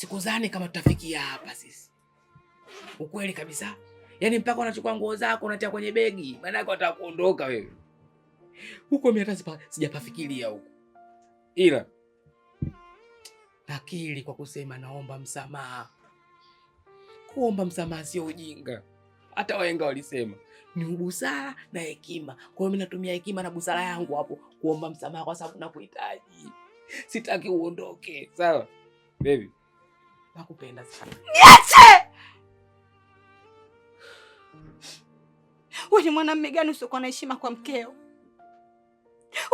sikuzani kama tutafikia hapa sisi, ukweli kabisa. Yaani mpaka unachukua nguo zako unatia kwenye begi, maana yake wataka kuondoka wewe. Huko mimi hata sijapafikiria huko, ila nakiri kwa kusema naomba msamaha. Kuomba msamaha sio ujinga, hata wahenga walisema ni ubusara na hekima. Kwa hiyo mimi natumia hekima na busara yangu hapo kuomba msamaha, kwa sababu nakuhitaji, sitaki uondoke. Sawa baby nakupenda sana. Niache! Wewe ni mwanamume gani usiokuwa na heshima kwa mkeo,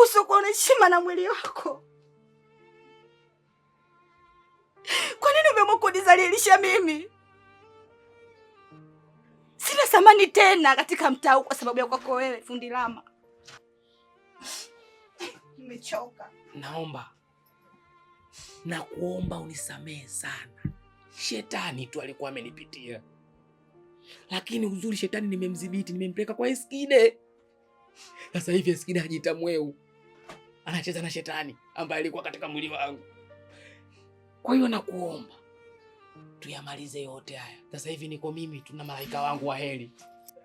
usiokuwa na heshima na mwili wako? Kwa nini umeamua kunizalilisha mimi? Sina thamani tena katika mtaa kwa sababu ya kwako wewe, fundi lama. Nimechoka. Naomba nakuomba unisamehe sana Shetani tu alikuwa amenipitia, lakini uzuri shetani nimemdhibiti, nimempeleka kwa Eskide. Sasa hivi Eskide hajiita mweu, anacheza na shetani ambaye alikuwa katika mwili wangu. Kwa hiyo nakuomba tuyamalize yote haya sasa hivi. Niko mimi tuna malaika wangu wa heri.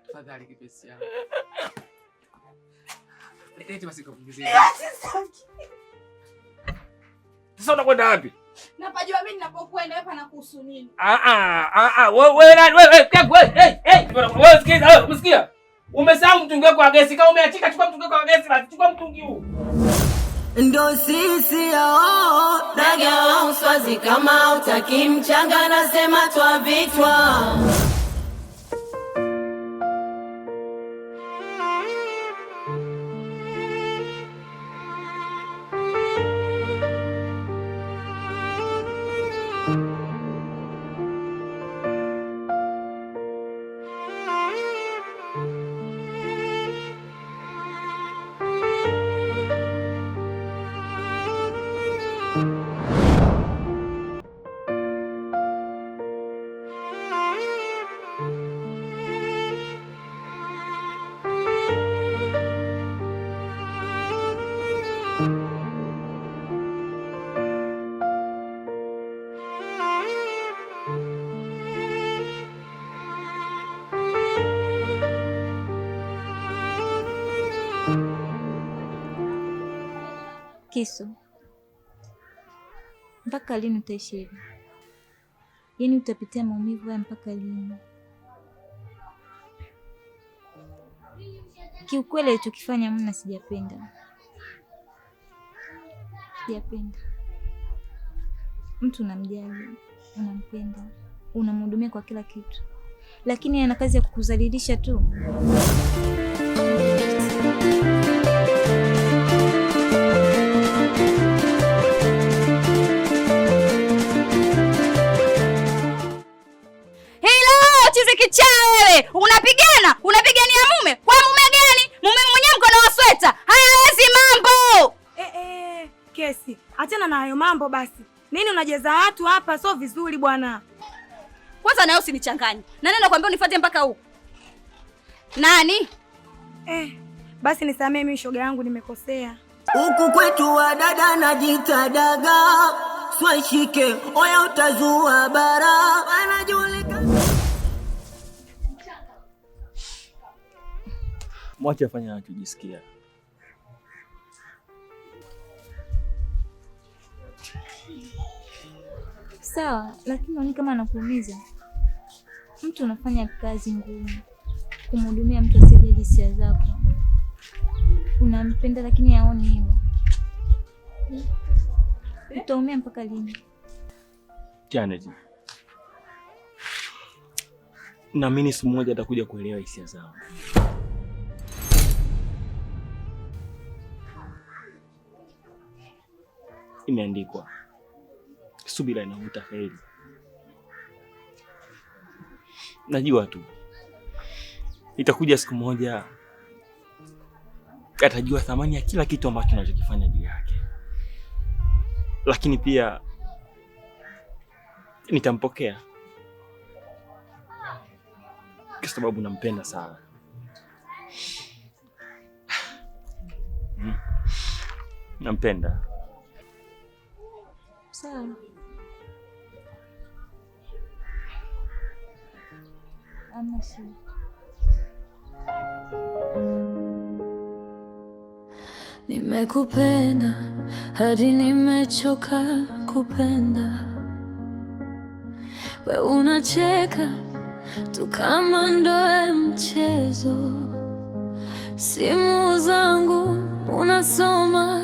Tafadhali kipesi sasa. Unakwenda wapi? Napajua mimi ninapokwenda wewe umesikia? Umesahau mtungi wako wa gesi. Kama umeachika, chukua mtungi wako wa gesi, basi chukua mtungi huu. Ndo sisi hao oh, oh, daga uswazi, kama utaki mchanga nasema twa vitwa Siso, mpaka lini utaishi hivi? Yaani utapitia maumivu haya mpaka lini? Kiukweli alichokifanya mna sijapenda, sijapenda. Mtu unamjali, unampenda, unamhudumia kwa kila kitu, lakini ana kazi ya kukuzalilisha tu. mambo basi. Nini unajeza watu hapa, sio vizuri bwana. Kwanza nayo usinichanganye. Nani anakuambia unifuate mpaka huko? Nani? Eh, basi nisamee mimi shoga yangu nimekosea. Huku kwetu wa dada najitadaga. Swashike, oya utazua bara. Anajulikana. Mwache afanye anachojisikia. sawa, lakini ni kama anakuumiza Mtu unafanya kazi ngumu kumhudumia mtu asiye hisia zako, unampenda lakini aoni hivyo. Utaumia mpaka lini? Janet, naamini siku moja atakuja kuelewa hisia zao. Imeandikwa subira inavuta heri. Najua tu itakuja siku moja atajua thamani ya kila kitu ambacho unachokifanya juu yake, lakini pia nitampokea kwa sababu nampenda sana. Hmm. Nampenda sana. Hamna Nimekupenda hadi nimechoka kupenda, we unacheka tu kama ndoe mchezo. Simu zangu unasoma,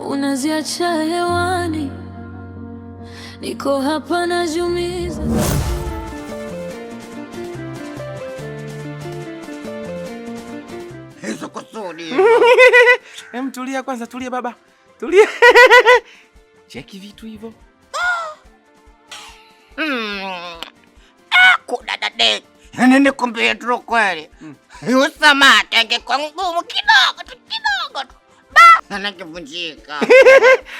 unaziacha hewani, niko hapa najumiza Hem, tulia kwanza, tulia baba, tulia. Cheki vitu hivyo. Mm. Akudadade ah, nini, kumbie tu kweli hiyo hmm. samaki angekuwa ngumu kidogo tu kidogo tu anakivunjika.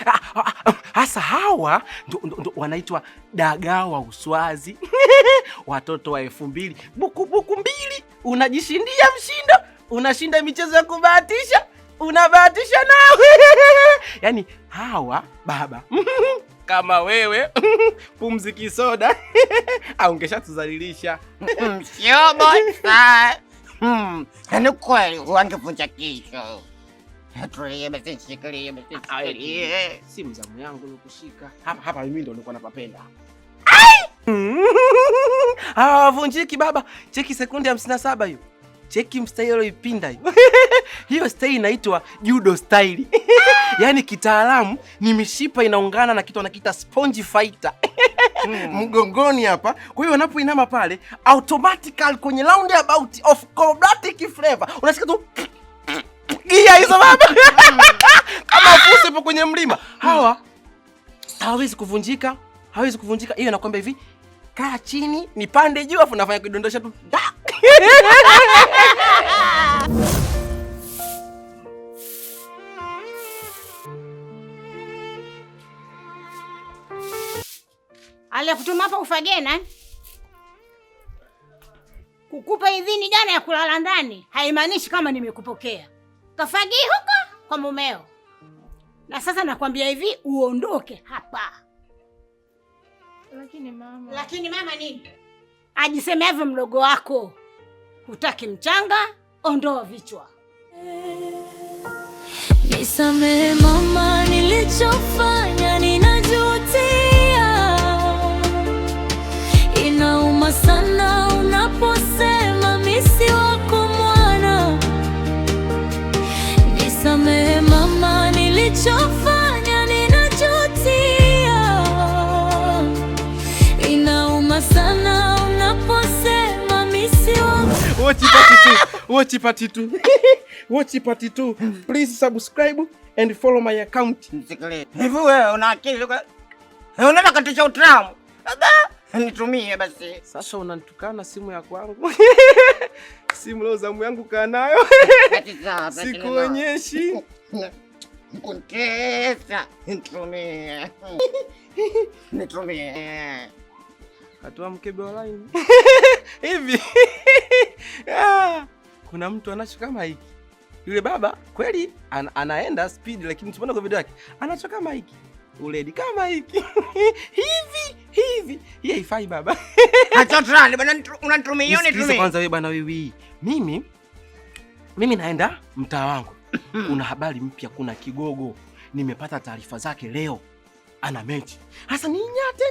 Ah, ah, hasa hawa ndo wanaitwa dagaa wa uswazi watoto wa elfu mbili bukubuku mbili, unajishindia mshindo unashinda michezo ya kubahatisha, unabahatisha nao yaani hawa baba kama wewe pumzi kisoda au ungeshatuzalilisha hmm, yaani kweli wangevunja kichwa. Ah, eh, eh, simu zamu yangu nikushika hapa hapa, mimi ndo nilikuwa napapenda hawavunjiki baba. Cheki sekundi hamsini na saba hiyo Cheki mstyle aloipinda hiyo style inaitwa judo style yaani kitaalamu ni mishipa inaungana na kitu anakiita sponge fighter mm. mgongoni hapa. Kwa hiyo unapoinama pale automatical kwenye round about of cobratic flavor unasikia tu gia hizo baba, kama fusi po kwenye mlima. Hawa hawezi kuvunjika, hawezi kuvunjika. Hiyo nakwambia hivi, kaa chini, nipande juu, afu nafanya kidondosha tu Alikutuma hapa ufagena eh? kukupa idhini jana ya kulala ndani haimaanishi kama nimekupokea. Kafagi huko kwa mumeo, na sasa nakwambia hivi uondoke hapa. Lakini mama, lakini mama nini? Ajisemavyo mdogo wako, hutaki mchanga, ondoa vichwa. Nisamehe mama, nilichofanya nina Watch part 2. Watch part 2. Please subscribe and follow my account. Hivi wewe una akili? Eh, unaenda katisha utram utamu. Nitumie basi. Sasa unanitukana simu ya kwangu. Simu leo zamu yangu kaa nayo. Sikuonyeshi. Kuntesa. Nitumie. Nitumie. Katua mkebe wa laini Hivi. Ah kuna mtu anacho kama hiki. Yule baba kweli an, anaenda speed, lakini tumeona kwa video yake anacho kama hiki uledi kama hiki hivi hivi, hii haifai baba. yoni kwanza. Wewe bwana, wewe mimi mimi naenda mtaa wangu, kuna habari mpya, kuna kigogo nimepata taarifa zake leo ana mechi hasa, nyate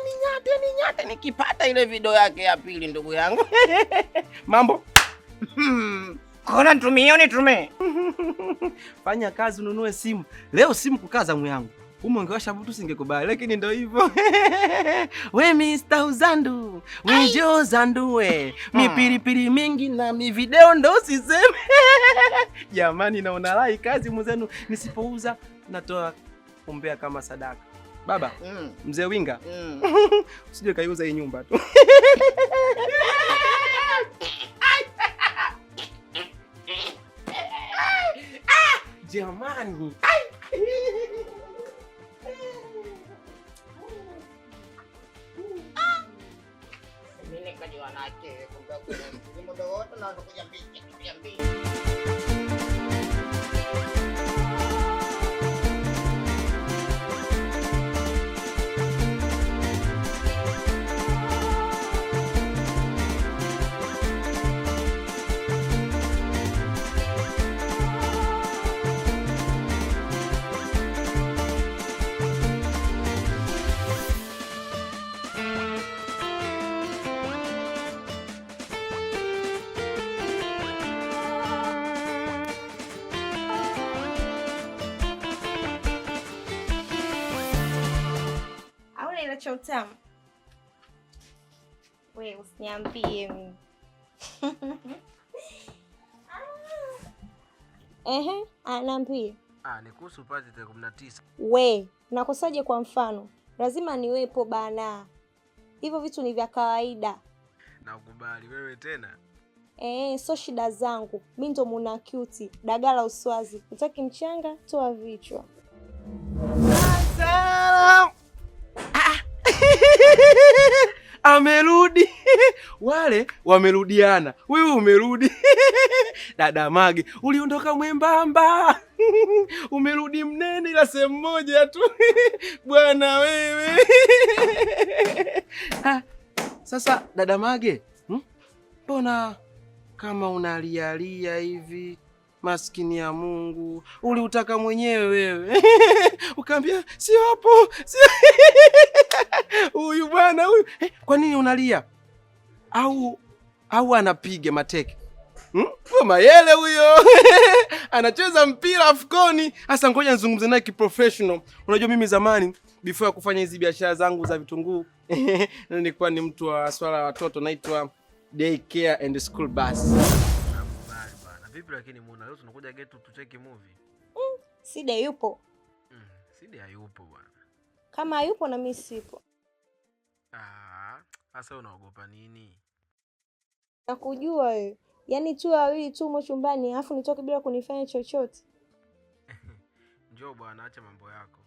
ni nyate, nikipata ile video yake ya pili, ndugu yangu mambo hmm. Kona tumioni tume. Fanya kazi ununue simu. Leo simu kukaza yangu humo, ungewasha mtu singekubali lakini ndio hivyo. We Mr. Uzandu, we jo Zandue. Hmm. Mipiripiri mingi na mi video ndo siseme. Jamani naona lai kazi mzenu nisipouza natoa umbea kama sadaka. Baba, mm. Mzee Winga. Mm. Usije kaiuza hii nyumba tu. Jerman gue. Ini kan juga naik, kemudian kemudian kemudian kemudian kemudian cha utamu? We usiniambie mimi. Ehe, anaambia ah, ni kuhusu pati tarehe kumi na tisa. We nakosaje? Kwa mfano lazima niwepo bana, hivyo vitu ni vya kawaida. Nakubali wewe tena Eh, so shida zangu mi ndo muna cute dagala uswazi, utaki mchanga toa vichwa. wamerudi wale wamerudiana, wewe umerudi dada Mage, uliondoka mwembamba umerudi mnene, ila sehemu moja tu bwana wewe ha. Sasa dada Mage, hmm? mbona hmm? kama unalialia hivi Maskini ya Mungu, uliutaka mwenyewe wewe ukaambia siopo si huyu bwana huyu eh, kwa nini unalia? Au au anapiga mateke hmm? Mayele huyo anacheza mpira afkoni. Sasa ngoja nizungumze naye kiprofessional. Unajua mimi zamani before ya kufanya hizi biashara zangu za vitunguu nilikuwa ni mtu wa swala la watoto, naitwa daycare and school bus. Vipi lakini muona leo tunakuja getu tucheki movie. Mm, Sida yupo. Mm, Sida hayupo bwana kama hayupo na mimi sipo. Ah, sasa unaogopa nini? Nakujua wewe, yaani tu wawili tumo chumbani, alafu nitoke bila kunifanya chochote. Njoo bwana, acha mambo yako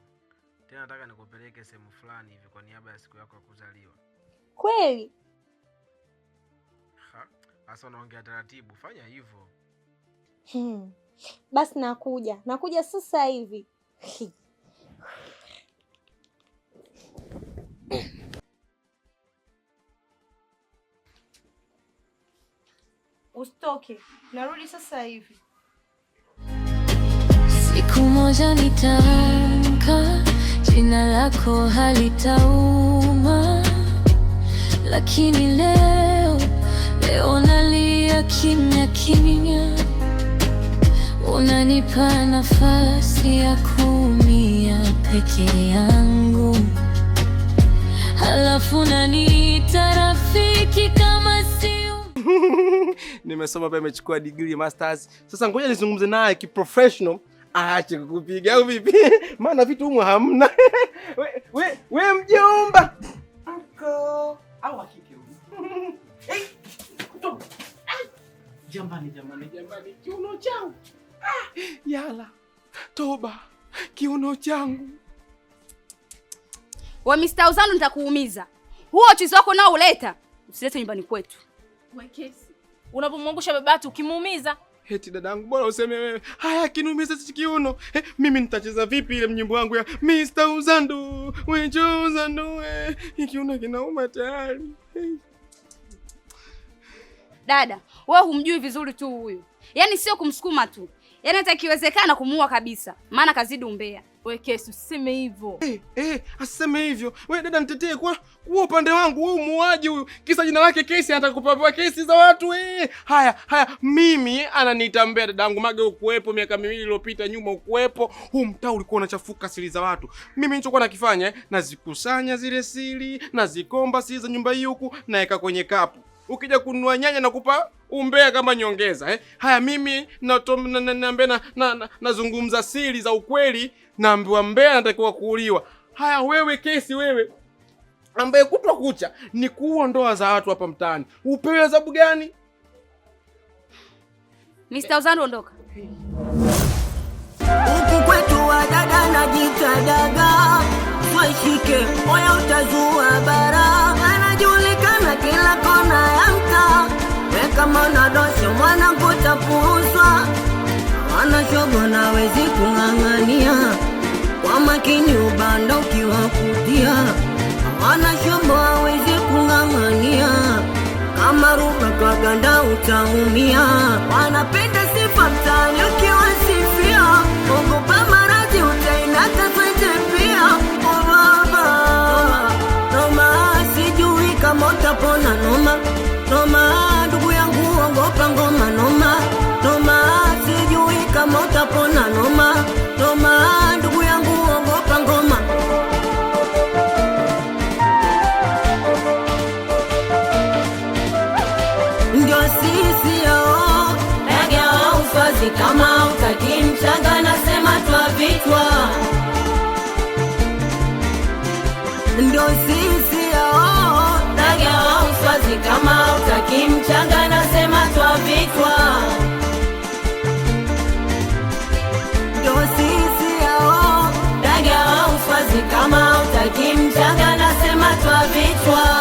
tena, nataka nikupeleke sehemu fulani hivi kwa niaba ya siku yako ya kuzaliwa. Kweli? Sasa unaongea taratibu, fanya hivyo. Hmm. Basi nakuja, nakuja sasa hivi. Usitoke, narudi sasa hivi. Siku moja nitaamka, jina lako halitauma, lakini leo, leo nalia kimya kimya, unanipa nafasi ya kuumia peke yangu alafu naniita rafiki kama siu. Nimesoma pia, imechukua degree masters. Sasa ngoja nizungumze naye kiprofessional aache kukupiga au vipi? Maana vitu humu hamna. We, we, we mjomba au akike huyu? Hey, ah. jamani jamani jamani, kiuno changu ah, yala toba, kiuno changu wa Mr. Uzano nitakuumiza. Huo uchizi wako nao uleta, usilete nyumbani kwetu. Wekesi. Unapomwangusha babatu ukimuumiza. Heti dadangu, bora useme wewe. Haya kinumiza sisi kiuno. Eh, mimi nitacheza vipi ile mnyimbo wangu ya Mr. Uzandu, wejo Uzandu we. Ikiuno kinauma tayari. Eh. Dada, wewe humjui vizuri tu huyu. Yaani sio kumsukuma tu. Yaani hata ikiwezekana kumuua kabisa, maana kazidi umbea. We Kesu, usiseme hivyo. Eh, eh, asiseme hivyo. We dada nitetee kwa kwa upande wangu, wewe muuaji huyu. Kisa jina lake Kesi anataka kupewa kesi za watu. Eh, haya, haya mimi ananiita mbea dadangu Mage ukuwepo miaka miwili iliyopita nyuma ukuwepo. Huu mtaa ulikuwa unachafuka siri za watu. Mimi nilichokuwa nakifanya eh, nazikusanya zile siri, nazikomba siri za nyumba hii huku, naeka kwenye kapu ukija kununua nyanya nakupa umbea kama nyongeza eh? Haya, mimi naambia nazungumza na, na siri za ukweli, naambiwa mbea natakiwa kuuliwa. Haya wewe kesi wewe ambaye kutwa kucha ni kuua ndoa za watu hapa mtaani, upewe adhabu gani? Mr. Uzandu, ondoka. wanakutapuzwa wanachogwa na wezi kung'ang'ania kwa makini ubanda ukiwakutia hawana shombo hawezi kung'ang'ania kama ruka kwa ganda utaumia wanapenda sifa mtani ukiwa utapona noma noma, ndugu yangu ogopa ngoma. Ndio sisi yao ege wa ufazi, kama utaki mchanga nasema twavitwa. Ndio sisi yao ege wa ufazi, kama utaki mchanga Nikimjaga nasema twa